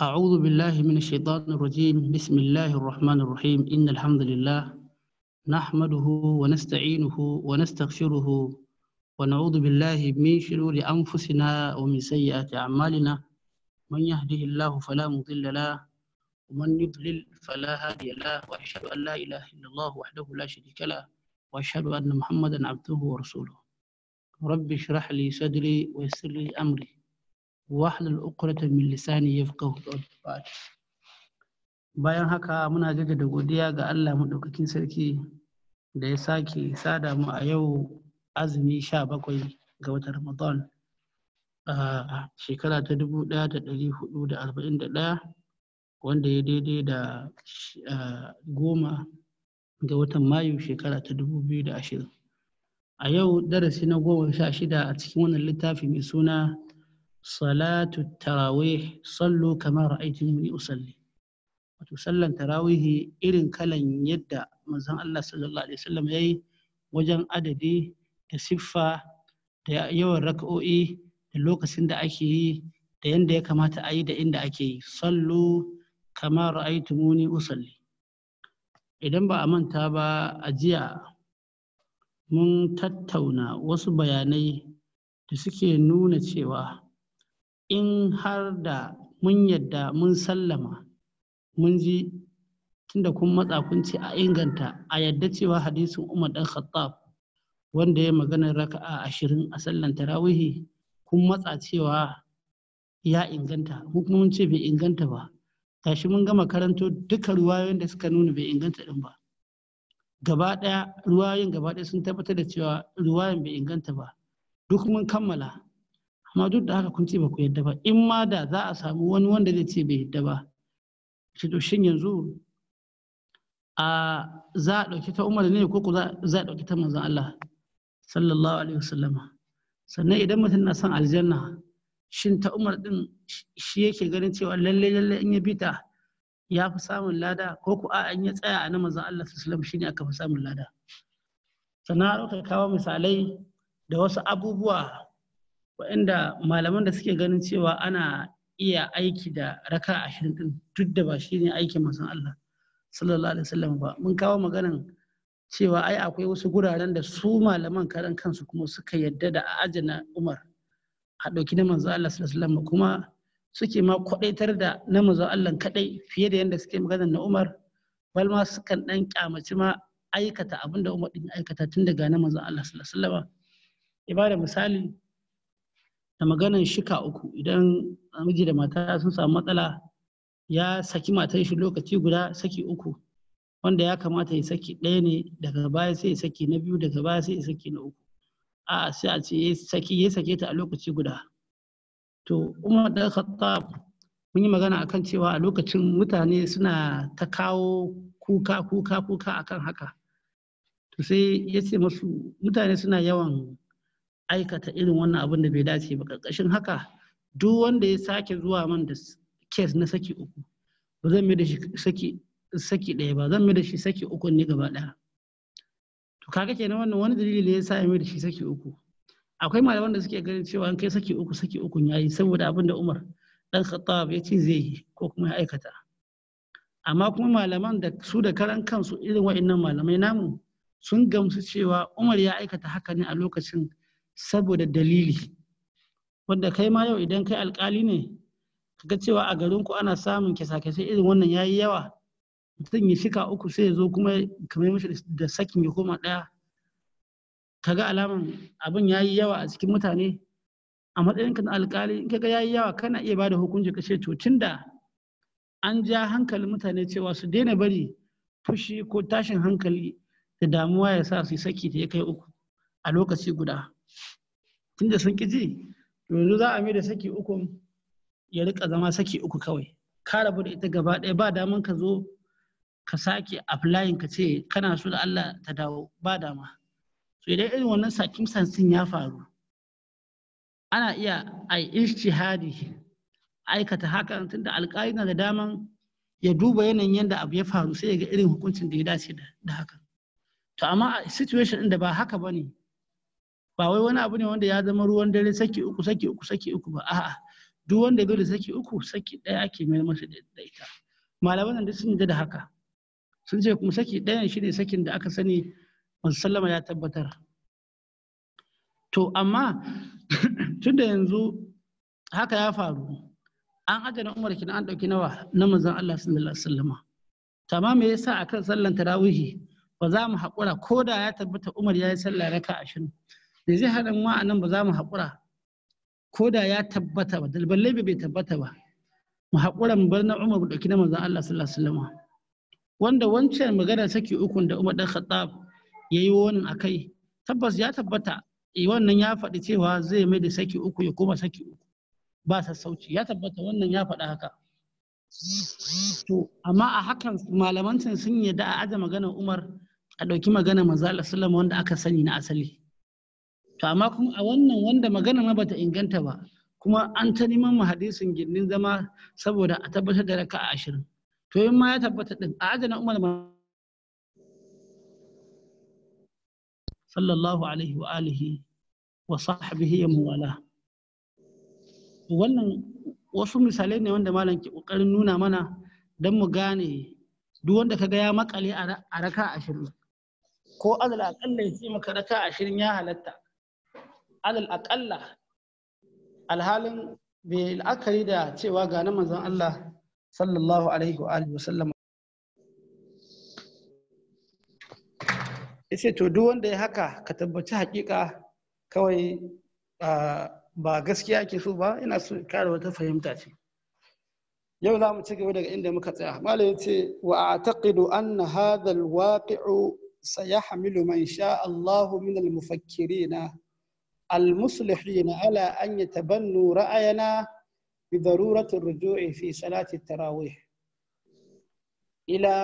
أعوذ بالله من الشيطان الرجيم بسم الله الرحمن الرحيم إن الحمد لله نحمده ونستعينه ونستغفره ونعوذ بالله من شرور أنفسنا ومن سيئات أعمالنا من يهده الله فلا مضل له ومن يضلل فلا هادي له وأشهد أن لا إله إلا الله وحده لا شريك له وأشهد أن محمدا عبده ورسوله رب اشرح لي صدري ويسر لي أمري wahlul uqrata min lisani yafqahu qawli bayan haka muna da godiya ga Allah madaukakin sarki da ya sake sada mu a yau azumi sha bakwai ga watan Ramadan a shekara ta dubu ɗaya da hudu da arba'in da ɗaya wanda ya daidai da goma ga watan Mayu shekara ta dubu biyu da ashirin. A yau darasi na goma sha shida a cikin wannan littafi mai suna salatu tarawih sallu kamar ra'aytuni usalli wato sallan tarawihi irin kalan yadda manzon Allah sallallahu alaihi wasallam yayi wajen adadi da siffa da yawan raka'o'i da lokacin da ake yi da yanda ya kamata a yi da inda ake yi sallu kamar ra'aytumuni usalli idan ba a manta ba a jiya mun tattauna wasu bayanai da suke nuna cewa in har da mun yadda mun sallama mun ji tunda kun matsa kun ce a inganta a yadda cewa hadisin umar dan khattab wanda ya magana raka'a ashirin a sallan tarawihi kun matsa cewa ya inganta kuma mun ce bai inganta ba tashi mun ga karanto duka ruwayoyin da suka nuna bai inganta din ba gaba ɗaya ruwayoyin gaba ɗaya sun tabbatar da cewa ruwayan bai inganta ba duk mun kammala amma duk da haka kun ce ba ku yadda ba in ma da za a samu wani wanda zai ce bai yadda ba shi to shin yanzu a za a ɗauki ta umar ne ko ku za a ɗauki ta manzon Allah sallallahu alaihi wasallama sannan idan mutum na son aljanna shin ta umar din shi yake ganin cewa lalle lalle in ya bi ta ya fi samun lada ko ku a in ya tsaya a na manzon Allah sallallahu alaihi shine aka fi samun lada sannan a kawo misalai da wasu abubuwa waɗanda malaman da suke ganin cewa ana iya aiki da raka ashirin din duk da ba shi ne aikin masan Allah sallallahu alaihi wasallam ba mun kawo maganan cewa ai akwai wasu guraren da su malaman karan kansu kuma suka yadda da na Umar a ɗauki na manzo Allah sallallahu alaihi wasallam kuma suke ma kwaɗaitar da na manzo Allah kaɗai fiye da yadda suke magana na Umar bal ma sukan ɗan ƙyamaci ma aikata abin da Umar ɗin aikata tun daga na manzo Allah sallallahu alaihi wasallam ibada misali da maganan shika uku idan miji da mata sun samu matsala ya saki matar shi lokaci guda saki uku wanda ya kamata ya saki ɗaya ne daga baya sai ya saki na biyu daga baya sai ya saki na uku a sai a ce saki ya sake ta a lokaci guda to umar da khattab mun yi magana akan cewa a lokacin mutane suna ta kawo kuka kuka kuka akan haka to sai ya ce musu mutane suna yawan aikata irin wannan abin da bai dace ba ƙarƙashin haka duk wanda ya sake zuwa man da kes na saki uku ba zan mai da shi saki saki ɗaya ba zan mai da shi saki uku ne gaba ɗaya to kaga kenan wannan wani dalili ne ya mai da shi saki uku akwai malaman da suke ganin cewa an kai saki uku saki uku yayi saboda abin da Umar dan Khattab ya ce zai yi ko kuma ya aikata amma kuma malaman da su da karan kansu irin wa'annan malamai namu sun gamsu cewa Umar ya aikata haka ne a lokacin saboda dalili wanda kai ma yau idan kai alkali ne kaga cewa a garin ku ana samun kyasa-kyasai irin wannan yayi yawa mutum ya shika uku sai ya zo kuma kamar mishi da sakin ya koma ɗaya kaga alaman abin yayi yawa a cikin mutane a matsayin ka na alkali in ka kaga yayi yawa kana iya ba da hukunci kace to Da an ja hankalin mutane cewa su daina bari fushi ko tashin hankali da damuwa ya sa su saki ta ya kai uku a lokaci guda tunda sun ƙi ji yanzu za a mai da saki uku ya rika zama saki uku kawai ka rabu da ita gaba ɗaya ba daman ka zo ka sake applying ka ce kana so da Allah ta dawo ba dama so idan irin wannan sakin sansin ya faru ana iya a ishtihadi aikata haka tunda alƙali na da daman ya duba yanayin yadda abu ya faru sai ya ga irin hukuncin da ya dace da haka to amma a situation da ba haka ba ne ba wai wani abu ne wanda ya zama ruwan dare saki uku saki uku saki uku ba a'a duk wanda zo da saki uku saki ɗaya ake mai masa da ita malaman nan duk sun da haka sun ce kuma saki ɗayan shi ne sakin da aka sani sallama ya tabbatar to amma tun da yanzu haka ya faru an adana umar kina an ɗauki nawa na manzon Allah sallallahu alaihi wasallama tamam me yasa akan sallan tarawihi ba za mu haƙura ko da ya tabbata umar ya yi sallah raka ashirin me zai haɗa mu a nan ba za mu haƙura ko da ya tabbata ba dalbalai bai tabbata ba mu haƙura mu bar na Umar mu ɗauki na maza Allah sallallahu alaihi wasallam wanda wancan magana saki ukun da Umar dan Khattab wani a kai, tabbas ya tabbata eh, wannan ya faɗi cewa zai mai da saki uku ya koma saki uku ba sassauci ya tabbata wannan ya faɗi haka to amma a hakan malamancin sun yadda a aje maganar Umar a ɗauki maganar maza Allah sallallahu alaihi wasallam wanda aka sani na asali to amma kuma a wannan wanda magana ma bata inganta ba kuma an ta neman mu hadisin gindin zama saboda a tabbatar da raka ashirin to in ma ya tabbata din a adana umar ma sallallahu alaihi wa alihi wa sahbihi ya muwala wannan wasu misalai ne wanda malam ke kokarin nuna mana don mu gane duk wanda kaga ya makale a raka ashirin ko azala akalla ya ce maka raka ashirin ya halatta alal aƙalla alhalin bai la'akari da cewa ga na manzon Allah sallallahu alaihi wa sallam. Ise yace to duk wanda ya haka ka tabbaci hakika kawai ba gaskiya ke so ba ina so kare wata fahimta ce yau za mu ci gaba daga inda muka tsaya malam yace wa hadal anna hadha alwaqi'u sayahmilu man sha Allahu min na المصلحين على أن يتبنوا رأينا بضرورة الرجوع في صلاة التراويح إلى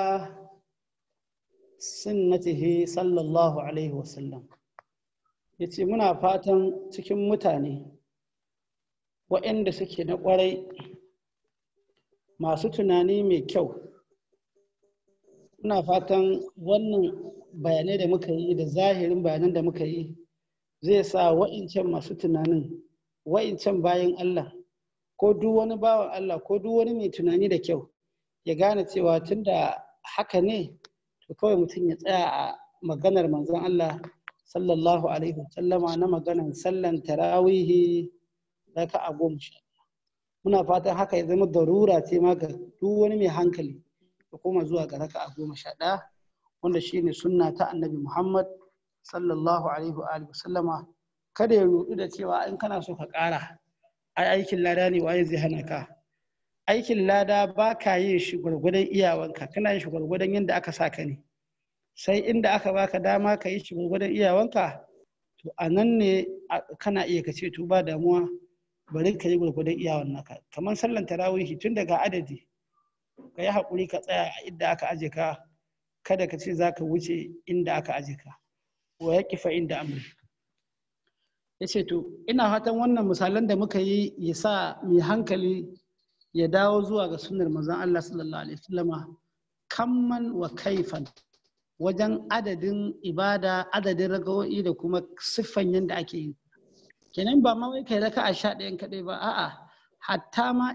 سنته صلى الله عليه وسلم yace muna fatan cikin mutane waɗanda suke na ƙwarai masu tunani mai kyau muna fatan wannan bayanai da muka yi da zahirin bayanan da muka yi zai sa wa'incan masu tunanin wa'incan bayan Allah ko duk wani bawan Allah ko duk wani mai tunani da kyau ya gane cewa tun da haka ne to kawai mutum ya tsaya a maganar manzon Allah sallallahu alaihi wasallama na maganar sallan tarawihi raka a goma sha muna fatan haka ya zama darura ce ma ga duk wani mai hankali ya koma zuwa ga raka a goma sha wanda shine sunna ta annabi Muhammad sallallahu alaihi wa alihi sallama kada ya rudu da cewa in kana so ka ƙara ai aikin lada ne waye zai hana ka aikin lada ba ka yi shi gwargwadon iyawanka kana yin shi gwargwadon yadda aka sa ka ne sai inda aka baka dama ka yi shi gwargwadon iyawanka to a nan ne kana iya ka ce to ba damuwa bari ka yi gwargwadon iyawan naka kamar sallan tarawihi tun daga adadi ka yi haƙuri ka tsaya a inda aka aje ka kada ka ce za ka wuce inda aka aje ka wa kifa inda amri yace to ina fatan wannan misalan da muka yi ya sa mai hankali ya dawo zuwa ga sunnar manzon Allah sallallahu alaihi wasallama kamman wa kaifan wajen adadin ibada adadin ragawo'i da kuma siffan yadda ake yi kenan ba ma wai kai raka a sha ɗayan kaɗai ba a'a hatta ma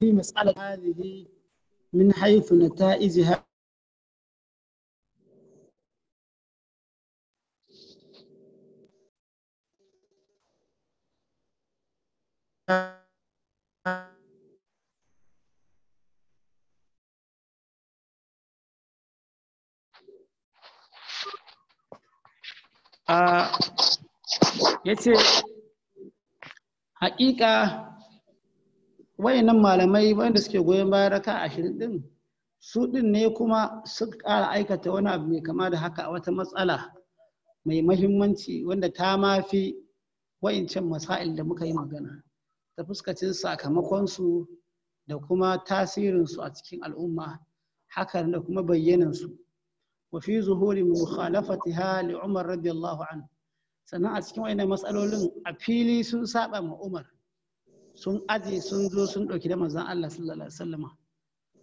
في مسألة هذه من حيث نتائجها ya ce haƙiƙa wayannan malamai wanda suke goyon bayan raka ashirin din su din ne kuma suka ƙara aikata wani abu mai kama da haka a wata matsala mai mahimmanci wanda ta mafi wa'incan masail da muka yi magana ta fuskacin sakamakonsu da kuma tasirinsu a cikin al'umma hakan da kuma bayyanansu wa fi zuhuri mukhalafatiha li umar radiyallahu anhu sannan a cikin wayannan matsalolin a fili sun saba ma umar sun aje sun zo sun ɗauki da manzan Allah sallallahu alaihi wasallama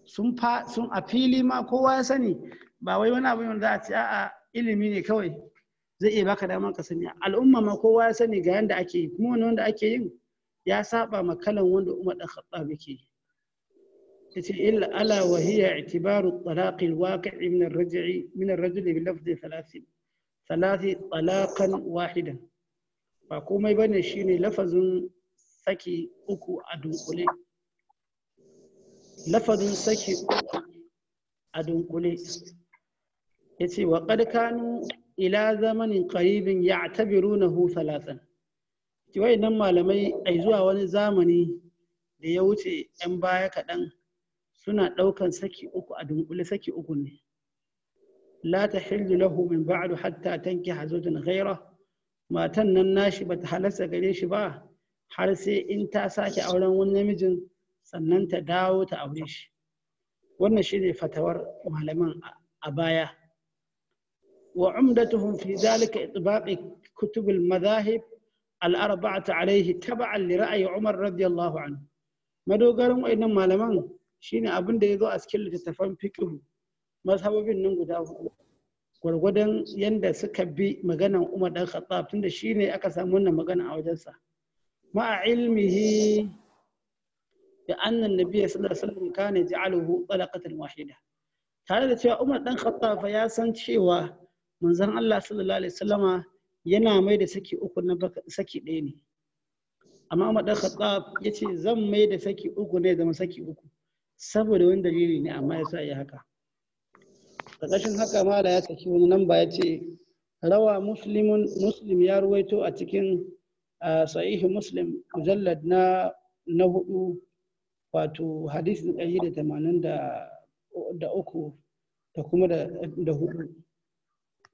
sun fa sun a fili ma kowa ya sani ba wai wani abu wanda a ce a'a ilimi ne kawai zai iya baka damar ka sani al'umma ma kowa ya sani ga yanda ake yi kuma wani wanda ake yin ya saba ma kalan wanda Umar dan Khattab yake yace illa ala wa hiya i'tibaru talaq al-waqi' min ar-raj'i min ar-rajuli bi lafzi thalathi thalathi talaqan wahidan ba komai bane shine lafazin saki uku a dunkule lafazin saki uku a dunkule ya ce wa ƙarƙanu ila zamanin ƙaribin ya tabiru na hu talatan kiwai nan malamai a zuwa wani zamani da ya wuce 'yan baya kaɗan suna ɗaukan saki uku a dunkule saki uku ne la ta lahu min ba'adu hatta tanki hazudin ghaira matan nan nashi bata halasta gare shi ba har sai in ta sake auren wani namijin sannan ta dawo ta aure shi wannan shine fatawar malaman a baya وعمدتهم في ذلك إطباق كتب المذاهب الأربعة عليه تبعا لرأي ra'ayi umar radiyallahu anhu. madogaran wa'annan malaman shine abin da ya zo a cikin littattafan fiqhu mazhabobin nan guda huɗu gwargwadon yanda suka bi maganan Umar dan Khattab tunda shine aka samu wannan magana a wajensa مع علمه بأن النبي صلى الله عليه وسلم كان يجعله طلقة واحدة tare da cewa Umar dan Khattab ya san cewa manzon Allah sallallahu alaihi wasallama yana mai da saki uku na saki ɗaya ne amma Umar dan Khattab ya ce zan mai da saki uku ne zama saki uku saboda wani dalili ne amma ya sa ya haka ƙarƙashin haka mala ya saki wani namba ya ce rawa muslimun muslim ya ruwaito a cikin sahihi muslim mujallad na na hudu wato hadisin ɗari da tamanin da uku da kuma da hudu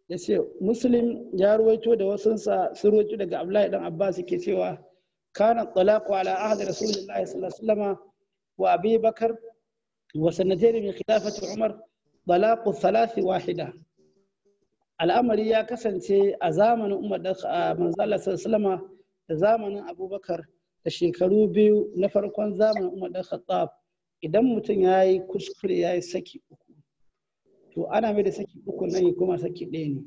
ya ce muslim ya ruwaito da wasunsa sun ruwaito daga abdullahi dan abbas ke cewa kana talaqu ala ahdi rasulillahi sallallahu alaihi wasallam wa abi bakar wa sanatayn min khilafati umar talaqu thalath wahida al'amari ya kasance a zamanin umar da manzo Allah sallallahu alaihi wasallam da zamanin abubakar da shekaru biyu na farkon zamanin umar dan khattab idan mutum ya yi kuskure ya yi saki uku to ana mai da saki uku nan ya koma saki ɗaya ne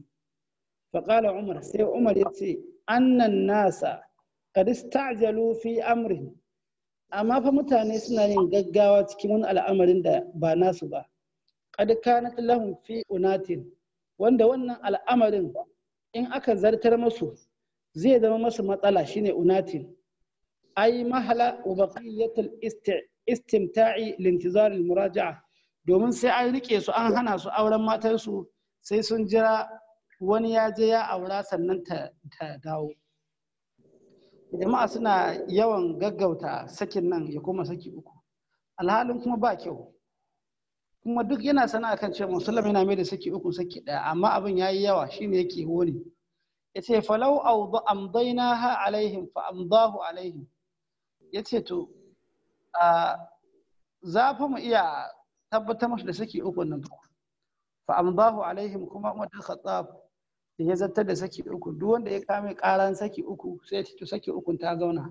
faƙala umar sai umar ya ce annan nasa ta istajalu fi amri. amma fa mutane suna yin gaggawa cikin wani al'amarin da ba nasu ba kad kanat lahum fi unatin wanda wannan al'amarin in aka zartar musu zai zama masu matsala shine unatin ai mahala wa istimta'i lintizar almuraja'a domin sai an rike su an hana su auren matansu sai sun jira wani ya je ya aura sannan ta dawo jama'a suna yawan gaggauta sakin nan ya koma saki uku alhalin kuma ba kyau kuma duk yana sana kan cewa musulmi yana mai da saki uku saki daya amma abin yayi yawa shine yake woni. yace falau awda amdaynaha alaihim fa amdahu alaihim yace to za fa mu iya tabbatar musu da saki uku nan fa amdahu alaihim kuma umar da khattab ya zartar da saki uku duk wanda ya kame karan saki uku sai ya to saki uku ta zauna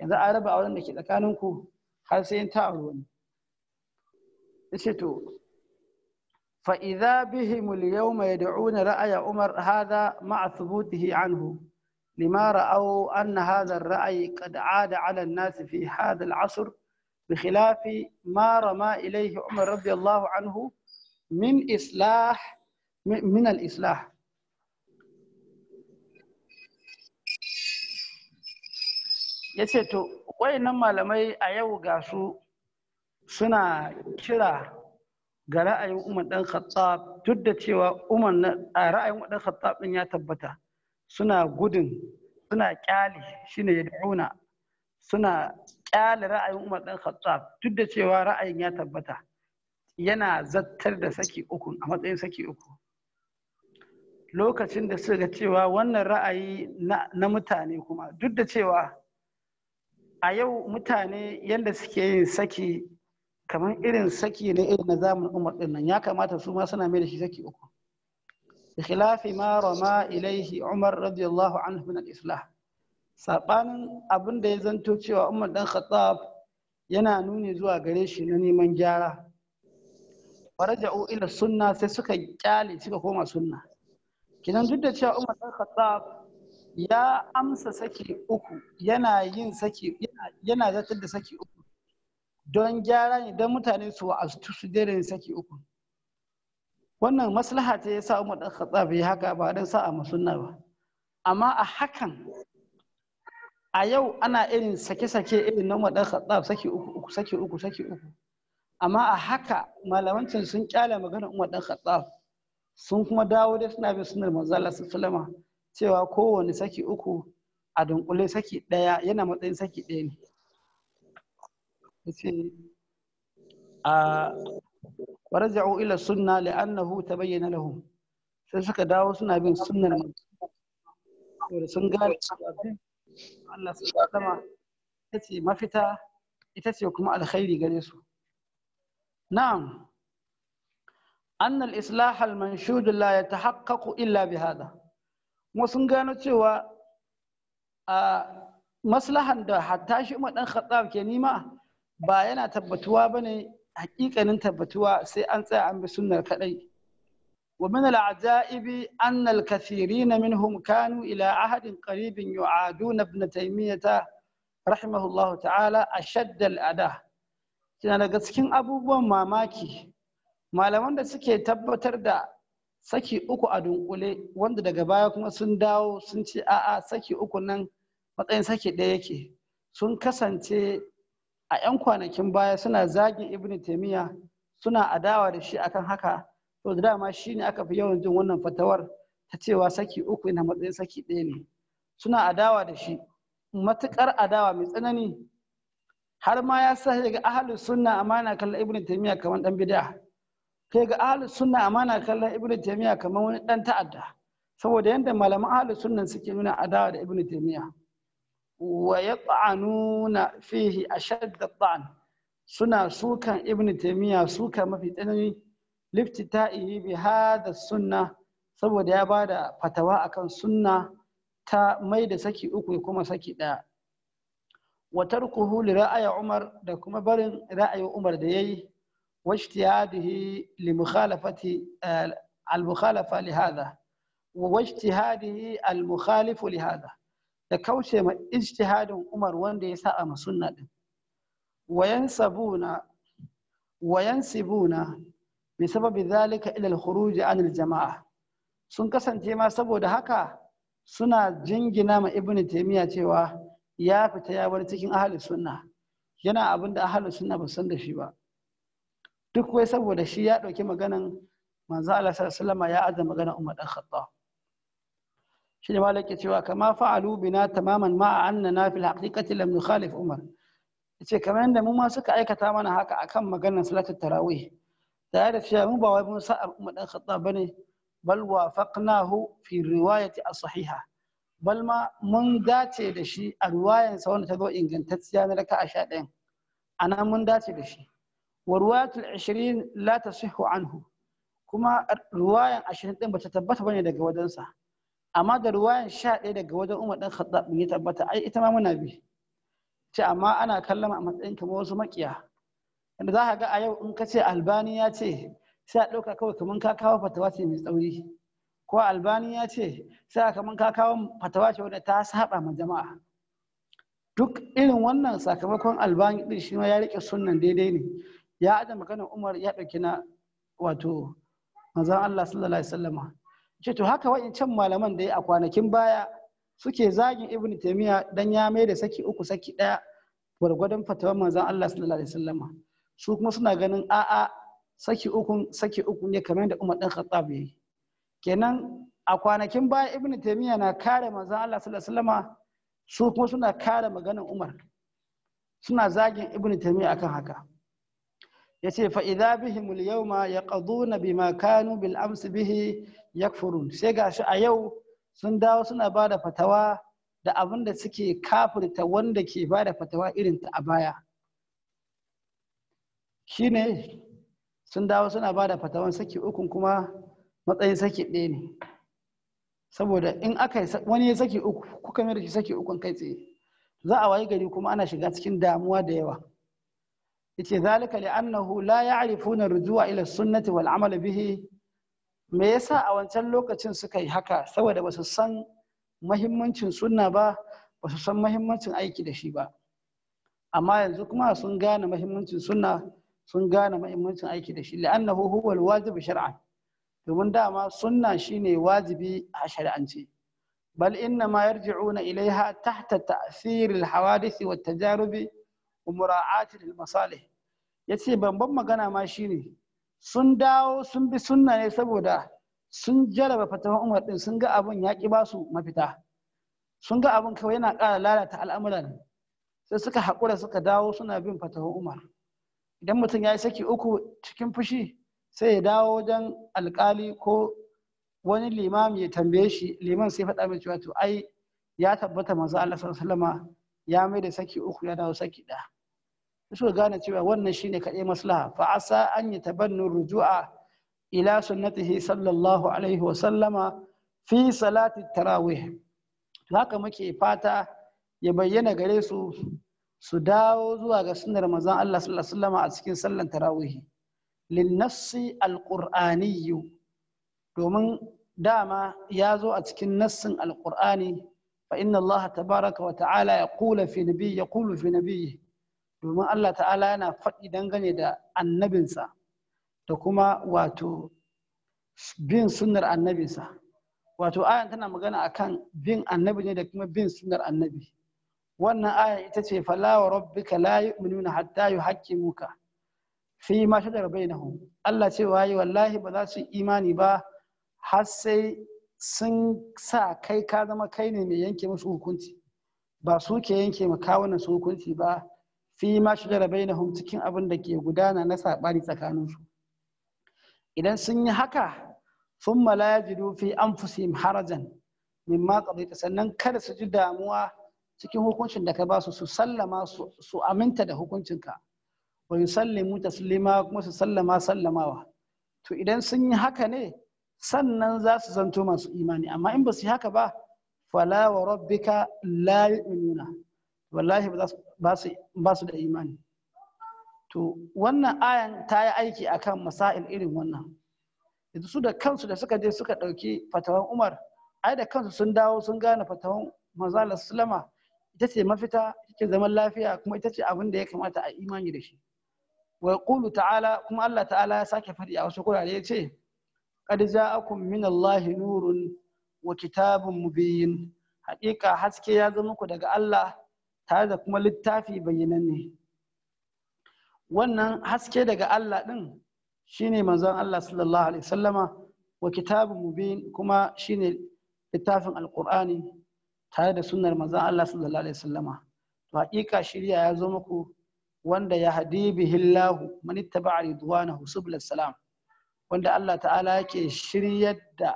yanzu an raba auren da ke tsakaninku har sai ta aure ne yace to فإذا بهم اليوم يدعون رأي عمر هذا مع ثبوته عنه لما رأوا أن هذا الرأي قد عاد على الناس في هذا العصر بخلاف ما رمى إليه عمر رضي الله عنه من إصلاح من الإصلاح يسيتو وينما لمي أيوغاسو سنا a ga ra'ayin Umar dan Khattab duk da cewa Umar na ra'ayin Umar dan Khattab din ya tabbata suna gudun suna kyale shine dauna, suna kyale ra'ayin Umar dan Khattab duk da cewa ra'ayin ya tabbata yana zattar da saki uku a matsayin saki uku lokacin da suka cewa wannan ra'ayi na mutane kuma duk da cewa a yau mutane yadda suke yin saki kamar irin saki na irin na umar din nan ya kamata su ma suna mai da shi saki uku ikhilafi ma rama ilaihi umar radiyallahu anhu min al-islah sabanin abin da ya zanto cewa umar dan khattab yana nuni zuwa gare shi na neman gyara faraja'u ila sunna sai suka kyale suka koma sunna kinan duk da cewa umar dan khattab ya amsa saki uku yana yin saki yana zartar da saki uku don gyara ne don mutane su wa'aztu su daina saki uku wannan maslaha ce ya sa umar ɗan khattab haka ba don sa'a masunna ba amma a hakan a yau ana irin sake-sake irin na umar ɗan saki uku uku saki uku saki uku amma a haka malamancin sun kyale maganar umar ɗan khattab sun kuma dawo da suna bin sunar manzo sallama cewa kowane saki uku a dunkule saki ɗaya yana matsayin saki ɗaya ne yace a waraja'u ila sunna li'annahu tabayyana lahum sai suka dawo suna bin sunnar manzo sun gane Allah su sama ita ce mafita ita ce kuma alkhairi gare su na'am أن الإصلاح المنشود لا يتحقق إلا بهذا sun gano cewa a maslahan da hatta shi ɗan khattab ke nima ba yana tabbatuwa ba ne hakikanin tabbatuwa sai an tsaya an bi sunnar kadai wa min aja'ibi an al-kathirin minhum kanu ila ahadin karibin qaribin yu'aduna ibn taymiyata rahimahullah ta'ala ashadd al-ada kina daga cikin abubuwan mamaki malaman da suke tabbatar da saki uku a dunkule wanda daga baya kuma sun dawo sun ce a'a saki uku nan matsayin saki ɗaya yake sun kasance a 'yan kwanakin baya suna zagin ibn taimiyya suna adawa da shi akan haka to da dama shi ne aka fi yawan jin wannan fatawar ta cewa saki uku na matsayin saki ɗaya ne suna adawa da shi matuƙar adawa mai tsanani har ma ya sa ga ahalus sunna amana kallon ibn taimiyya kamar dan bid'a kai ga ahalus sunna amana kallon ibn taimiyya kamar wani dan ta'adda saboda yadda malaman ahalus sunna suke nuna adawa da ibn taimiyya ويطعنون فيه أشد الطعن سنة سوكا ابن تيمية سوكا ما في تنوي لابتتائه بهذا السنة سبو ديابادا فتوى أكن سنة تا ميد سكي أكو كما سكي دا وتركه لرأي عمر دا كما برن رأي عمر ديي واجتهاده لمخالفة المخالفة لهذا واجتهاده المخالف لهذا da kauce ma ijtihadin Umar wanda ya sa ma masunna din wayan wayansibuna mai sababi zalika ilal al anil jamaa sun kasance ma saboda haka suna jingina ma ibnu taimiya cewa ya fita ya bar cikin ahlus sunna yana abin da suna sunna ba san da shi ba duk wai saboda shi ya dauki maganan manzo Allah sallallahu alaihi wasallam ya azza magana Umar dan Khattab shi ne malam cewa kama fa'alu bina tamaman ma annana fil haqiqati lam nukhalif umar yace kamar yadda mu ma suka aikata mana haka akan maganar salatul tarawih tare da cewa mu ba wai mun sa mu dan khatta bane bal wafaqnahu fi riwayati as-sahiha bal ma mun dace da shi a ruwayan sa wanda ta zo ingantacciya na raka 11 anan mun dace da shi wa riwayatul 20 la tasihhu anhu kuma ruwayan 20 din bata tabbata bane daga wajensa amma da ruwayan sha ɗaya daga wajen umar ɗan khattab ya tabbata ai ita ma muna bi ce amma ana kallon a matsayin kamar wasu makiya inda za ka ga a yau in ka ce albani ya ce sai a ɗauka kawai kamar ka kawo fatawa ce mai tsauri ko albani ya ce sai a kamar ka kawo fatawa ce wadda ta saba ma jama'a duk irin wannan sakamakon albani ɗin shi ma ya riƙe sunan daidai ne ya aje maganar umar ya ɗauki na wato manzon Allah sallallahu alaihi wasallama ce to haka wa'incan malaman da ya a kwanakin baya suke zagin ibn taimiyya dan ya mai da saki uku saki ɗaya gwargwadon fatawar manzon Allah sallallahu alaihi wasallam su kuma suna ganin a'a saki uku saki uku ne kamar da Umar dan Khattab yayi kenan a kwanakin baya ibn taimiyya na kare manzon Allah sallallahu alaihi wasallam su kuma suna kare maganar Umar suna zagin ibn taimiyya akan haka ya ce fa'iza bihimul ma ya ƙaduna bima kanu bil amsu bihi furun. sai gashi a yau sun dawo suna ba da fatawa da abin da suke kafirta wanda ke ba da fatawa irin ta a baya Shi ne sun dawo suna ba da fatawan saki ukun kuma matsayin saki ɗaya ne saboda in aka yi wani ya saki uku kuka mai da shi saki ukun kai tsaye za a wayi gari kuma ana shiga cikin damuwa da yawa yace zalika li'annahu la ya'rifuna rujua ila sunnati wal amal bihi me yasa a wancan lokacin suka yi haka saboda ba su san mahimmancin sunna ba su san mahimmancin aiki da shi ba amma yanzu kuma sun gane mahimmancin sunna sun gane mahimmancin aiki da shi li'annahu huwa al-wajib shar'an domin dama sunna shine wajibi a shari'ance bal inna ma yarji'una ilaiha tahta ta'sir al-hawadith wa tajarubi umura'ati lil masalih yace babban magana ma shine sun dawo sun bi sunna ne saboda sun jaraba fatawar umar din sun ga abun ya ki basu mafita sun ga abun kawai yana ƙara lalata al'amuran sai suka haƙura suka dawo suna bin fatawar umar idan mutum ya yi saki uku cikin fushi sai ya dawo wajen alƙali ko wani limami ya tambaye shi liman sai faɗa mai cewa to ai ya tabbata manzo Allah sallallahu alaihi wasallama ya mai da saki uku ya dawo saki ɗaya suka gane cewa wannan shine kaɗai maslaha fa asa an yi tabannin ruju'a ila sunnatihi sallallahu alaihi wa fi salati tarawih haka muke fata ya bayyana gare su su dawo zuwa ga sunnar mazan Allah sallallahu alaihi a cikin sallan tarawih lin nassi domin dama ya zo a cikin nassin alqur'ani fa inna Allah tabaraka wa ta'ala yaqulu fi nabiyyi yaqulu fi nabiyyi domin Allah ta'ala yana faɗi dangane da annabinsa da kuma wato bin sunnar annabinsa wato ayan tana magana akan bin annabi ne da kuma bin sunnar annabi wannan ayan ita ce Falawar wa rabbika la yu'minuna hatta yuhaqqimuka fi ma shajara bainahum Allah ce wa yi wallahi ba za su imani ba har sai sun sa kai ka zama kai ne mai yanke musu hukunci ba su ke yanke ma kawunan su hukunci ba fi ma shajara na cikin abin da ke gudana na saɓani tsakaninsu idan sun yi haka sun la rufi fi fusi harajan mimma ta sannan kada su ji damuwa cikin hukuncin da ka ba su su sallama su aminta da hukuncinka wa ta taslima kuma su sallama sallamawa to idan sun yi haka ne sannan za su zanto masu imani amma in ba su yi haka ba fala wa rabbika la yu'minuna wallahi ba su da imani to wannan ayan ta yi aiki akan masail irin wannan yanzu su da kansu da suka je suka ɗauki fatawan umar ai da kansu sun dawo sun gane fatawan manzala sulama ita ce mafita ita zaman lafiya kuma ita ce abin da ya kamata a imani da shi wa qulu ta'ala kuma Allah ta'ala ya sake faɗi a wasu kurare ya ce qad ja'akum min Allahi nurun wa kitabun mubin haqiqa haske ya zama ku daga Allah tare da kuma littafi bayyananne wannan haske daga Allah ɗin shine manzon Allah sallallahu alaihi wasallama wa kitabun mubin kuma shine littafin alqur'ani tare da sunnar manzon Allah sallallahu alaihi wasallama to haƙiƙa shirya ya zo muku wanda ya hadi bihillahu man ittaba'a ridwanahu subul salam wanda Allah ta'ala yake shiryar da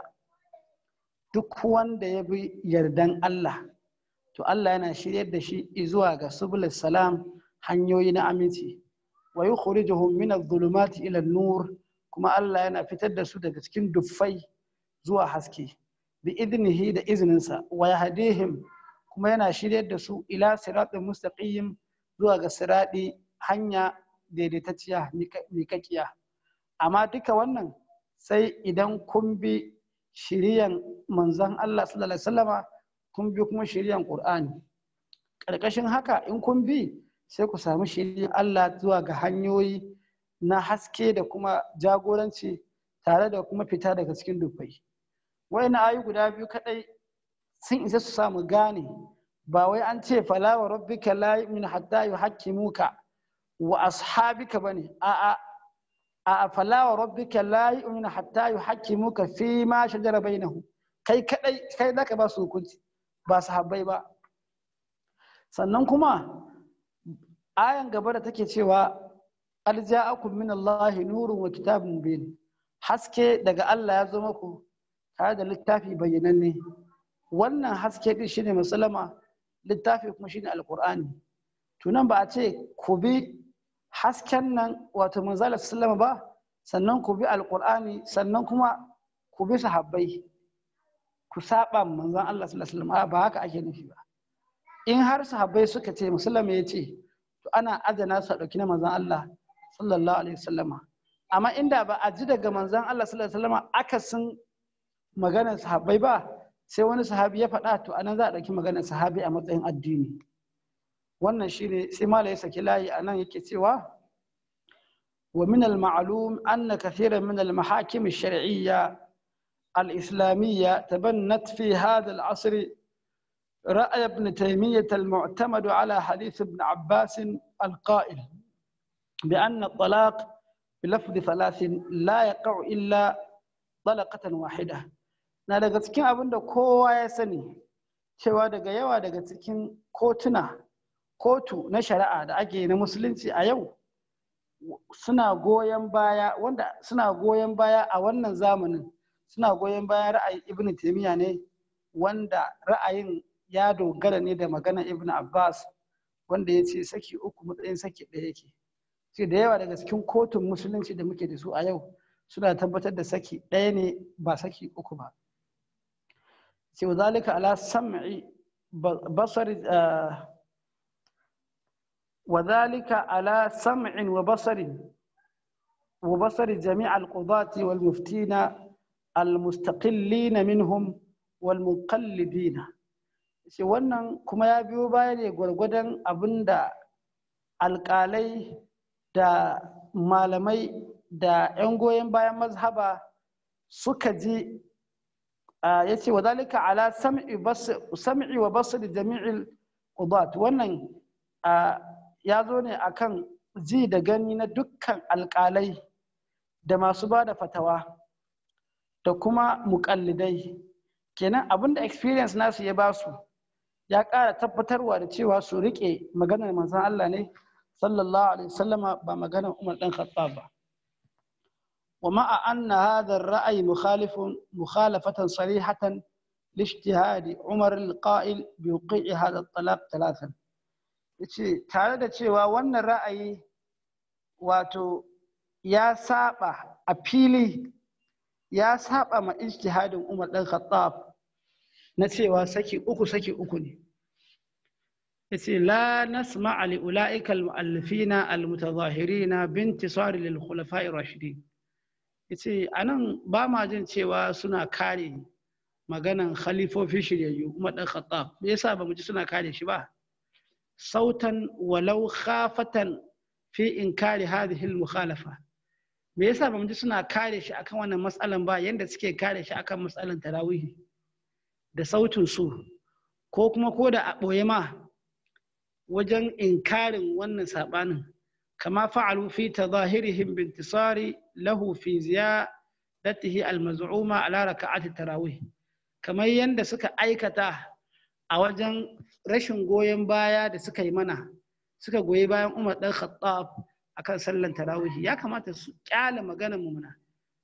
duk wanda ya bi yardan Allah to Allah yana shiryar da shi zuwa ga subul salam hanyoyi na aminci wa yukhrijuhum min adh-dhulumati ila nur kuma Allah yana fitar da su daga cikin duffai zuwa haske bi idnihi da izininsa wa yahdihim kuma yana shiryar da su ila siratin mustaqim zuwa ga siradi hanya daidaitacciya miƙaƙiya amma duka wannan sai idan kun bi shiriyan manzon Allah sallallahu alaihi wasallama kun bi kuma shari'an ƙur'ani ƙarƙashin haka in kun bi sai ku samu shari'an Allah zuwa ga hanyoyi na haske da kuma jagoranci tare da kuma fita daga cikin dubbai Wai na ayu guda biyu kadai sun isa su samu gane ba wai an ce falawa rabbika la min hatta yuhaqqimuka wa ashabika bane a a'a fala wa rabbika la min hatta yuhaqqimuka fi ma shajara kai kadai kai zaka ba su hukunci ba sahabbai ba sannan kuma ayan gaba da take cewa alja'akum min Allah nurun wa kitabun mubin haske daga Allah ya zo maku tare da littafi bayyananne wannan haske din shine musulma littafi kuma shine alqur'ani tunan ba a ce ku bi hasken nan wato manzala sallama ba sannan ku bi alqur'ani sannan kuma ku bi sahabbai ku saba manzan Allah sallallahu alaihi wasallam ba haka ake nufi ba in har sahabbai suka ce musulma ya ce to ana adana su a dauki na manzon Allah sallallahu alaihi wasallama amma inda ba a ji daga manzan Allah sallallahu alaihi wasallama akasin maganar sahabbai ba sai wani sahabi ya faɗa to anan za a ɗauki maganar sahabi a matsayin addini wannan shine sai malai saki layi anan yake cewa wa min al-macaluhun, ومن المعلوم أن كثيرا من المحاكم الشرعية الإسلامية تبنت في هذا العصر رأي ابن تيمية المعتمد على حديث ابن عباس القائل بأن الطلاق بلفظ ثلاث لا يقع إلا طلقة واحدة نالغة أبن دو يسني cewa daga yawa daga cikin kotuna kotu na shari'a da ake na musulunci a yau suna goyon baya wanda suna suna goyon bayan ra'ayin ibn taimiyya ne wanda ra'ayin ya dogara ne da magana ibn abbas wanda ya ce saki uku matsayin saki ɗaya yake sai da yawa daga cikin kotun musulunci da muke da su a yau suna tabbatar da saki ɗaya ne ba saki uku ba wa zalika ala sam'i basari ah, wa basarin wa وبصر jami'al qudati wal muftina almustaqillina minhum wal muqallidina shi wannan kuma ya biyo baya ne gwargwadon abinda alƙalai da malamai da 'yan goyon bayan mazhaba suka ji ya ce wa zalika ala sam'i wa basu da jami'il qudat wannan ya zo ne akan ji da gani na dukkan alƙalai da masu ba da fatawa da kuma muƙallidai kenan abin da experience nasu ya basu ya ƙara tabbatarwa da cewa su riƙe maganar manzon Allah ne sallallahu alaihi wasallama ba maganar Umar ɗan Khattab ba ومع أن هذا الرأي مخالف مخالفة صريحة لاجتهاد عمر القائل بوقيع هذا الطلاق ثلاثا tare da cewa wannan ra'ayi wato ya saba a fili ya saba ma ijtihadin Umar dan Khattab na cewa saki uku saki uku ne yace la nasma li ulaika al muallifina al mutadhahirina bintisar Rashidi. khulafa'i rashidin yace anan ba ma jin cewa suna kare maganan khalifofin shiryayyu Umar dan Khattab me yasa ba mu ji suna kare shi ba sautan walau khafatan fi kare hadhihi al mukhalafa me yasa ba mu suna kare shi akan wannan matsalan ba yanda suke kare shi akan matsalan tarawihi da sautin su ko kuma ko da a ɓoye ma wajen inkarin wannan saɓanin kama fa'alu fi tadahirihim bintisari lahu fi ziyadatihi almaz'uma ala raka'ati tarawih kamar yadda suka aikata a wajen rashin goyon baya da suka yi mana suka goyi bayan Umar dan Khattab akan sallan tarawihi ya kamata su kyale maganar mumuna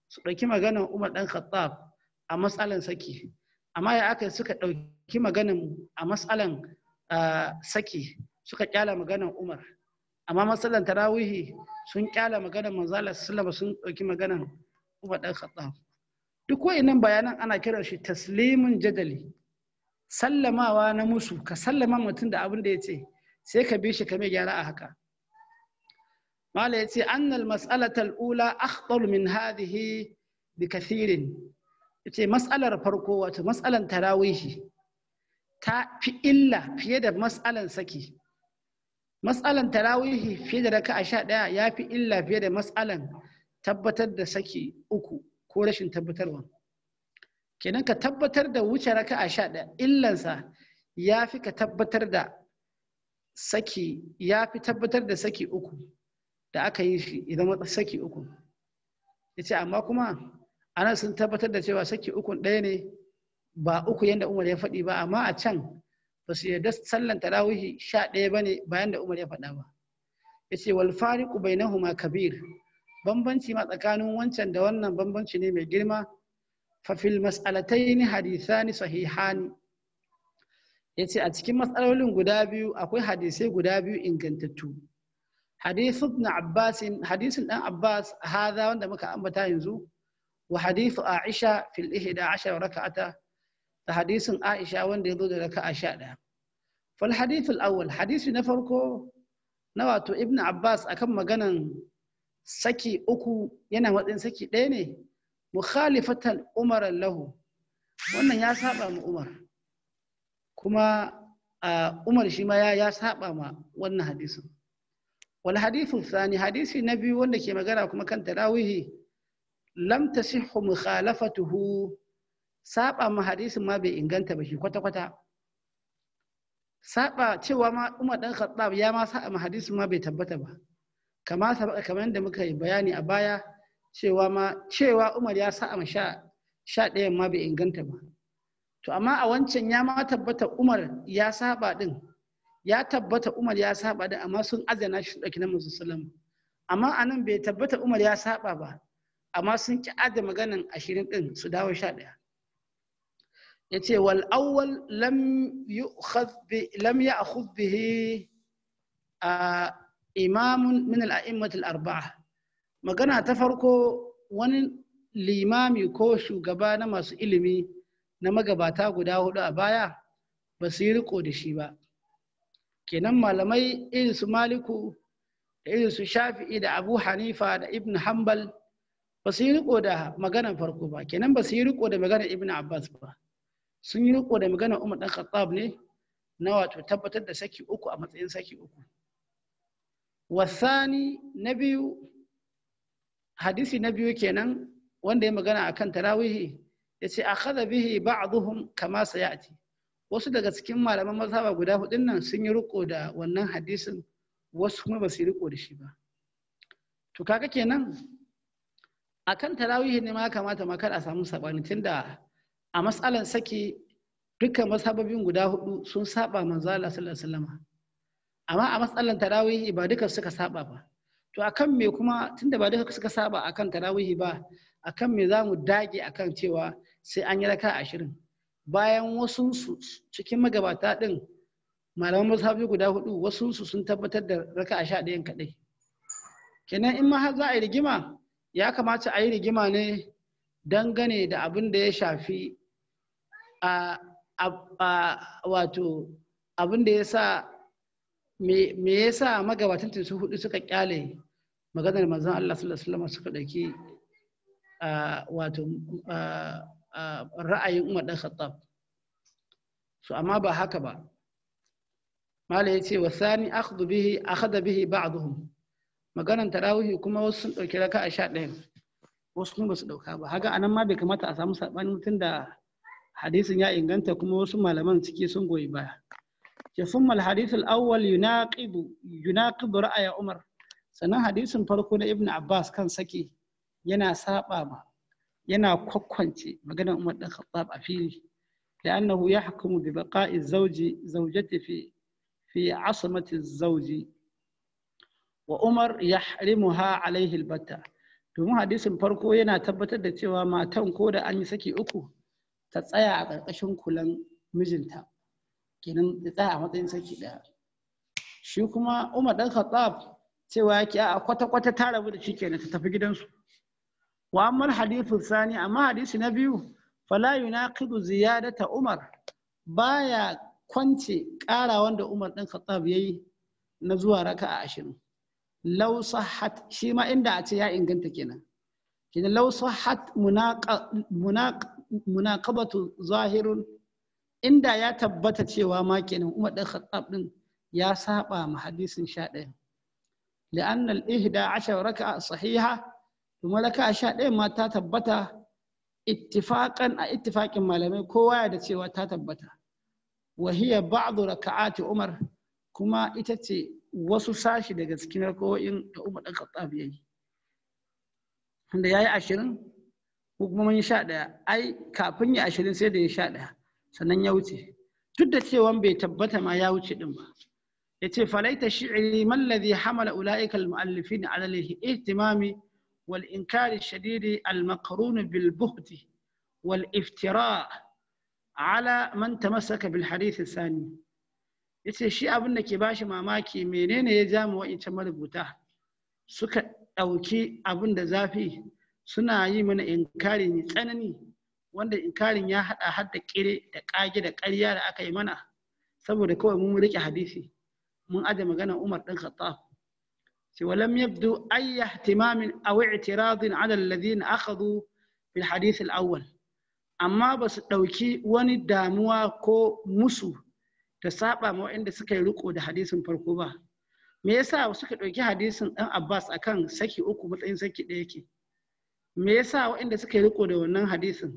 su ɗauki maganar umar ɗan khattab a matsalan saki amma ya aka suka ɗauki maganar a matsalan saki suka kyala maganar umar amma matsalan tarawihi sun magana maganar manzala sallama sun ɗauki maganar umar ɗan khattab duk wa'innan bayanan ana kiran shi taslimin jadali sallamawa na musu ka sallama mutum da abin da ya ce sai ka bi shi ka mai gyara a haka mala yace annal mas'alata al-ula akhtar min hadhihi bi kathirin yace mas'alar farko wato mas'alan tarawihi ta fi illa fiye da mas'alan saki mas'alan tarawihi fiye da raka'a sha ɗaya ya fi illa fiye da mas'alan tabbatar da saki uku ko rashin tabbatarwa kenan ka tabbatar da wuce raka'a sha ɗaya illansa ya fi ka tabbatar da saki ya fi tabbatar da saki uku da aka yi shi idan saki uku Ya ce amma kuma ana sun tabbatar da cewa saki uku ɗaya ne ba uku yadda Umar ya faɗi ba amma a can ba su yarda sallan tarawihi sha ɗaya ba ne bayan da Umar ya faɗa ba Ya yace wal fariqu ma kabir bambanci ma tsakanin wancan da wannan bambanci ne mai girma fa fil mas'alataini hadithani sahihani yace a cikin matsalolin guda biyu akwai hadisai guda biyu ingantattu hadithu ibn abbas hadisin dan abbas hadha wanda muka ambata yanzu wa hadithu aisha fil 11 raka'ata da hadisin aisha wanda ya zo da raka'a 11 fal hadithu al awwal hadisi na farko na wato ibn abbas akan maganan saki uku yana matsayin saki ɗaya ne mukhalifatan umar wannan ya saba ma umar kuma umar shi ma ya saɓa ma wannan hadisin wal hadithu thani hadisi na biyu wanda ke magana kuma kan tarawihi lam tasihhu mukhalafatuhu saba ma hadisin ma bai inganta ba shi kwata kwata saba cewa ma Umar dan Khattab ya ma saba ma hadisin ma bai tabbata ba kama kamar yadda muka yi bayani a baya cewa ma cewa Umar ya saba ma sha sha ɗayan ma bai inganta ba to amma a wancan ya ma tabbata Umar ya saba din ya tabbata umar ya saba da amma sun azana shi ɗauki na musu salama amma anan bai tabbata umar ya saba ba amma sun ki aje maganan ashirin ɗin su dawo sha ɗaya ya ce wal awwal lam ya akhud bihi a imamun min al'a'immatul arba'a magana ta farko wani limami ko shugaba na masu ilimi na magabata guda hudu a baya ba su yi riko da shi ba kenan malamai irin su maliku da su shafi'i da abu hanifa da ibn hanbal ba su yi riko da maganar farko ba kenan ba su yi riko da maganar ibn abbas ba sun yi riko da maganar umar dan khattab ne na wato tabbatar da saki uku a matsayin saki uku wasani na biyu hadisi na biyu kenan wanda ya magana akan tarawihi ya ce akhadha bihi ba'dhum kama sayati wasu daga cikin malaman mazhaba guda hudun nan sun yi riko da wannan hadisin wasu kuma ba su yi riko da shi ba to kaga kenan akan tarawihi ne ma kamata makar a samu sabani tunda a matsalan saki dukkan mazhababin guda hudu sun saba manzo Allah sallallahu alaihi amma a matsalan tarawihi ba duka suka saba ba to akan me kuma tunda ba duka suka saba akan tarawihi ba akan me za mu dage akan cewa sai an yi raka ashirin bayan wasunsu cikin magabata ɗin malaman mazhabi guda hudu wasunsu sun tabbatar da raka'a sha ɗayan kaɗai kenan in ma za a yi rigima ya kamata a yi rigima ne dangane da abin da ya shafi a wato abin da ya sa me ya sa magabatan su hudu suka kyale maganar manzon Allah sallallahu alaihi wasallam suka ɗauki wato ra'ayin Umar dan Khattab so amma ba haka ba mala ce wa sani akhdhu bihi akhadha bihi ba'dhum maganan tarawih kuma wasu sun dauki raka'a 11 wasu kuma basu ɗauka ba haka anan ma bai kamata a samu sabani mutum da hadisin ya inganta kuma wasu malaman suke sun goyi baya ثم Hadisul Awwal يناقض يناقض رأي Umar, sannan hadisin farko na ibn abbas kan saki yana saɓa ma yana kwakwance maganar Umar dan Khattab a fili لأنه يحكم ببقاء الزوج زوجته في Wa Umar ya harimu ha عليه البتة domin hadisin farko yana tabbatar da cewa matan ko da an yi saki uku ta tsaya a ƙarƙashin kulan mijinta kenan ta tsaya a matsayin saki ɗaya shi kuma umar ɗan khattab cewa yake a kwata-kwata ta rabu da shi kenan ta tafi gidansu wa amma sani amma hadisi na biyu fala yunaqidu ziyadata umar baya kwance ƙara wanda umar ɗin khattab yayi na zuwa Raka'a ashirin law sahhat shi a ce kenan kenan law zahirun inda ya tabbata cewa ma kenan umar ɗin khattab ɗin ya saɓa ma hadisin sha ɗaya لأن الإهدى عشر ركعة صحيحة domin raka'a sha ɗaya ma ta tabbata ittifaƙan a ittifaƙin malamai kowa ya da cewa ta tabbata wahiya hiya ba'du raka'ati umar kuma ita ce wasu sashi daga cikin rako'in da umar ɗan khattab ya yi wanda ya yi ashirin ko kuma mun sha ɗaya ai kafin ya ashirin sai da ya sha ɗaya sannan ya wuce duk da cewa bai tabbata ma ya wuce ɗin ba ya ce falaita shi'iri mallazi hamala ula'ika al-mu'allifin ala ihtimami والإنكار الشديد المقرون بالبهت والافتراء على من تمسك بالحديث الثاني yace shi abin da ke bashi mamaki menene ya ja mu wa'incan marubuta suka ɗauki abin da zafi suna yi mana inkari mai tsanani wanda inkarin ya haɗa har da ƙire da ƙage da ƙarya da aka yi mana saboda kawai mun riƙe hadisi mun aje magana umar ɗin khattab ولم يبدو أي اهتمام أو اعتراض على الذين أخذوا في الحديث الأول amma ba su ɗauki wani damuwa ko musu da saba ma waɗanda suka riko da hadisin farko ba me yasa suka ɗauki hadisin ɗan abbas akan saki uku matsayin saki ɗaya ke me yasa waɗanda suka yi riko da wannan hadisin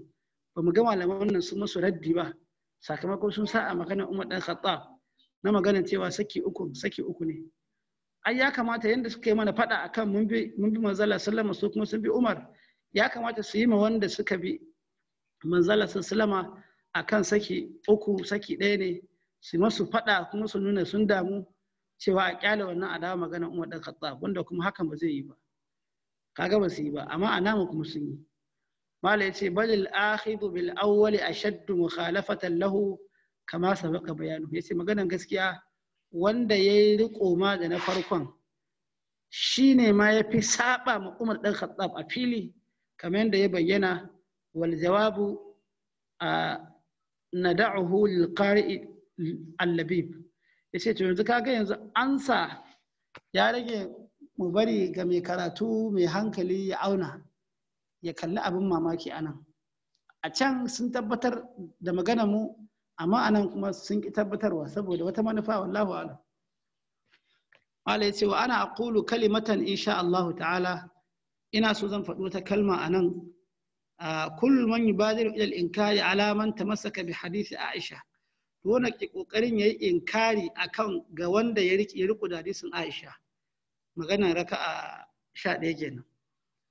ba mu ga malaman nan su musu raddi ba sakamakon sun sa a maganar umar ɗan khattab na maganar cewa saki uku saki uku ne ai ya kamata yadda suka yi mana faɗa akan mun bi mun bi manzala sallama su kuma sun bi Umar ya kamata su yi ma wanda suka bi manzala sallama akan saki uku saki ɗaya ne su masu faɗa kuma su nuna sun damu cewa a ƙyale wannan adawa magana Umar dan Khattab wanda kuma hakan ba zai yi ba kaga ba su yi ba amma a namu kuma sun yi mala yace balil akhidu bil awwali ashaddu mukhalafatan lahu kama sabaqa bayanu yace maganan gaskiya wanda ya yi riko ma da na farkon shi ne ma ya fi saba ma umar ɗan khattab a fili kamar yadda ya bayyana wal jawabu a na da'ahu qari'i al-labib yace to yanzu kaga yanzu ansa ya rage mu bari ga mai karatu mai hankali ya auna ya kalli abin mamaki anan a can sun tabbatar da magana mu amma anan kuma sun ki tabbatarwa saboda wata manufa wallahu alam Allah ya ce wa ana aqulu kalimatan insha Allah ta'ala ina so zan faɗi wata kalma anan kullu man yubadiru ila al-inkari ala man tamassaka bi hadisi Aisha to wannan ke kokarin yayi inkari akan ga wanda ya riki riko da hadisin Aisha magana raka'a 11 kenan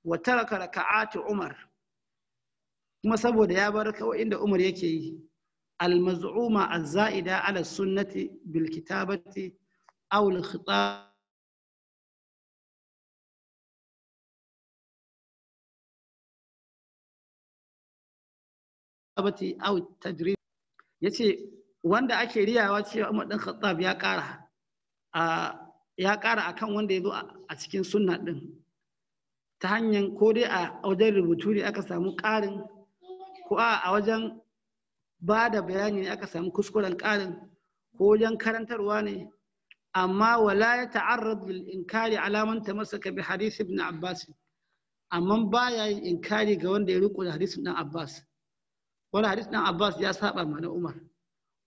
wa taraka raka'atu Umar kuma saboda ya bar kawai inda Umar yake yi المزعومة الزائدة على السنة بالكتابة أو الخطاب أو التجريد yace wanda ake riyawa cewa Umar ɗan Khattab ya ƙara ya ƙara akan wanda ya zo a cikin sunna ɗin ta hanyar ko dai a wajen rubutu ne aka samu ƙarin ko a wajen ba da bayani ne aka samu kuskuren ƙarin ko wajen karantarwa ne amma wala ya ta'arrad lil inkari alaman ta masaka bi hadith ibn abbas amma baya yin inkari ga wanda ya riko da hadith ibn abbas wani hadith ibn abbas ya saba mana umar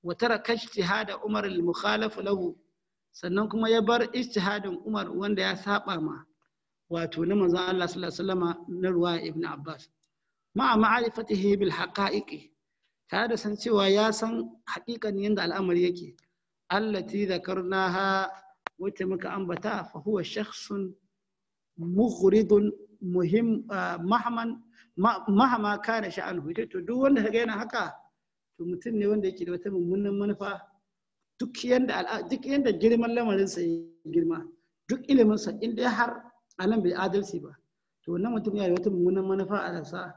wa taraka ijtihada umar al mukhalaf lahu sannan kuma ya bar ijtihadin umar wanda ya saba ma wato na manzon Allah sallallahu alaihi wasallama na ruwa ibn abbas ma'a ma'rifatihi bil haqa'iqi ta da san cewa ya san haƙiƙan yadda al'amari yake allati zakarnaha wacce muka ambata fa huwa shakhsun mughridun muhim ah, mahman mahama kana sha'anhu to duk wanda kaga yana haka to mutum ne wanda yake da wata mummunan manufa duk yanda duk yanda girman lamarin sa girma duk ilimin sa inda har alam bai adalci ba to wannan mutum ya yi wata mummunan manufa a rasa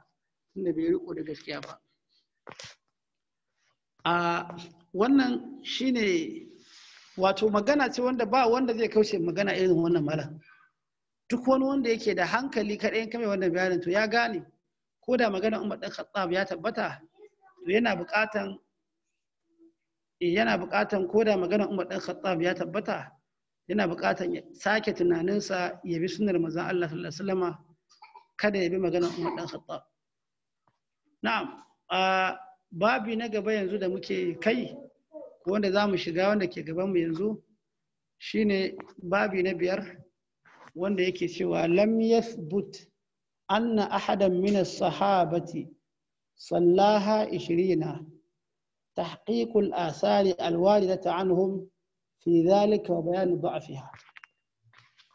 tunda bai riko da gaskiya ba a wannan shine wato magana ce wanda ba wanda zai kaushe magana irin wannan malam duk wani wanda yake da hankali kaɗai kame wannan bayanin to ya gane ko da magana umar ɗan khattab ya tabbata to yana buƙatan eh, yana buƙatan ko da magana umar ɗan khattab ya tabbata yana buƙatan ya sake tunaninsa ya bi sunar manzon Allah sallallahu alaihi wasallama kada ya bi magana umar ɗan khattab na'am babi na gaba yanzu da muke kai ko wanda za mu shiga wanda ke gabanmu yanzu shine babi na biyar wanda yake cewa lam yathbut anna ahadan min as-sahabati sallaha 20 تحقيق الآثار الواردة عنهم في ذلك وبيان ضعفها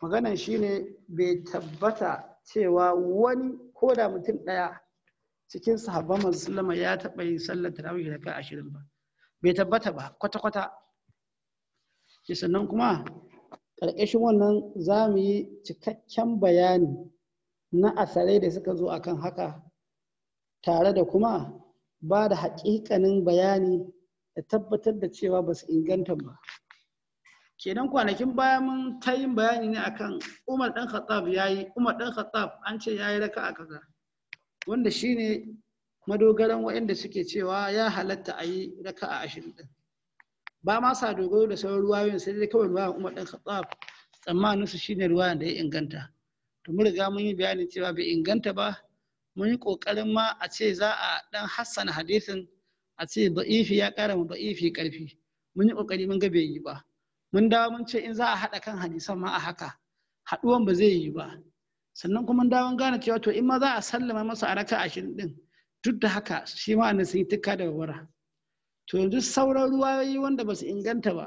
maganan shine bai tabbata cewa wani ko da mutum ɗaya cikin sahabban masu sallama ya taɓa yin sallar tarawih da kai ashirin ba bai tabbata ba kwata-kwata sannan kuma ƙarƙashin wannan za mu yi cikakken bayani na asarai da suka zo akan haka tare da kuma ba da haƙiƙanin bayani da tabbatar da cewa ba su inganta ba kenan kwanakin baya mun ta yin bayani ne akan umar ɗan khattab ya yi umar ɗan khattab an ce ya yi raka a kaza wanda shine madogaran waɗanda suke cewa ya halatta a yi a ashirin ɗin ba ma sa dogaro da sauran ruwayoyin sai dai kawai ruwayan umar ɗan khattab tsammanin su shine ruwayan da ya inganta to mu riga mun yi bayanin cewa bai inganta ba mun yi ƙoƙarin ma a ce za a ɗan hassana hadisin a ce ba'ifi ya ƙara ma ba'ifi ƙarfi mun yi ƙoƙari mun ga bai yi ba mun dawo mun ce in za a haɗa kan hadisan ma a haka haɗuwan ba zai yi ba sannan kuma dawon gane cewa to in ma za a sallama masa a raka ashirin din duk da haka shi ma annan sun yi tukka da wara to yanzu sauran ruwayoyi wanda ba su inganta ba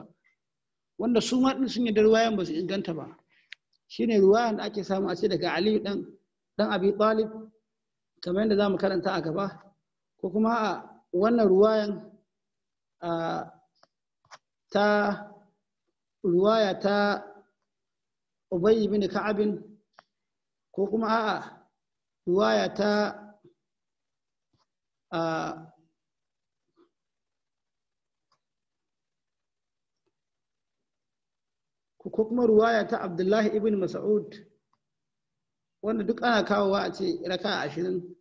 wanda su ma din sun yi da ruwayan ba su inganta ba shine ruwayan da ake samu a ce daga aliyu dan dan abi talib kamar yadda zamu karanta a gaba ko kuma a wannan ruwayan ta ruwaya ta ubayy bin ka'abin ko kuma a riwaya ta a ko kuma ruwaya ta abdullahi ibn mas'ud wanda duk ana kawowa a ce raka ashirin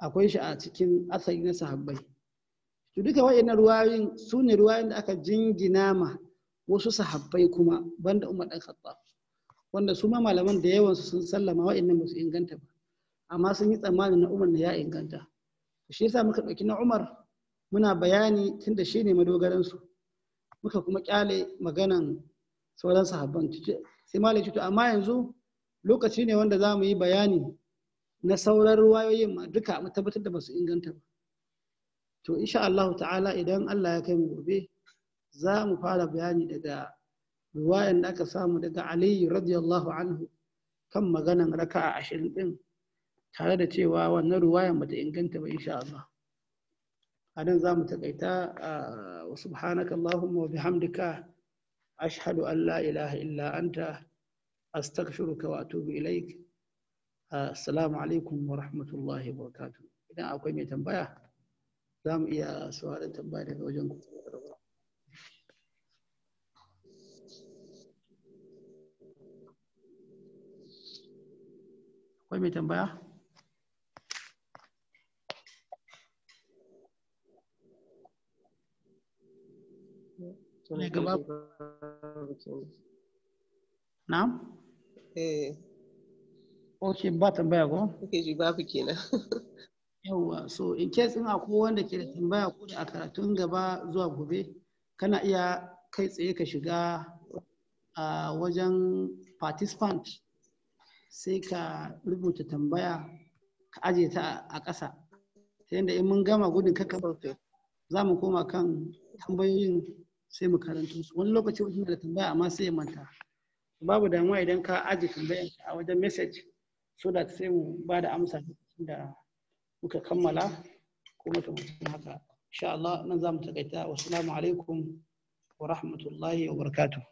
akwai shi a cikin asali na sahabbai to duka wa'annan ruwayoyin su ne ruwayoyin da aka jingina ma wasu sahabbai kuma banda umar dan khattab wanda su ma malaman da yawan su sun sallama wa'annan ba su inganta ba amma sun yi tsammanin na Umar ne ya inganta shi yasa muka ɗauki na Umar muna bayani tunda shi ne madogaran su muka kuma kyale maganan sauran sahabban sai malai to amma yanzu lokaci ne wanda za mu yi bayani na sauran ruwayoyin ma duka mu tabbatar da ba su inganta ba to insha Allah ta'ala idan Allah ya kai mu gobe za mu fara bayani daga riwayan da aka samu daga aliyu radiyallahu anhu kan maganan raka'a ashirin din tare da cewa wannan ruwayan bata inganta ba insha Allah a nan za mu takaita wa subhanaka Allahumma wa bihamdika ashhadu an la ilaha illa anta astaghfiruka wa atubu ilaik assalamu alaikum wa rahmatullahi wa barakatuh idan akwai mai tambaya za mu iya sauraron tambaya daga wajen ku Akwai mai tambaya? Na? Eh. Ok, ba tambaya ko? Ok, ji babu kenan. Yawwa, so in case in akwai wanda ke da tambaya ko da a karatun gaba zuwa gobe, kana iya kai tsaye ka shiga a ah, wajen participant sai ka rubuta tambaya ka aje ta a ƙasa ta yadda in mun gama gudun ka kabar za mu koma kan tambayoyin sai mu karanto su wani lokaci mutum da tambaya amma sai ya manta babu damuwa idan ka aje tambayar a wajen message so da sai mu ba da amsa da muka kammala ko mutum haka insha Allah nan za mu takaita wasu alaikum wa rahmatullahi wa barakatuh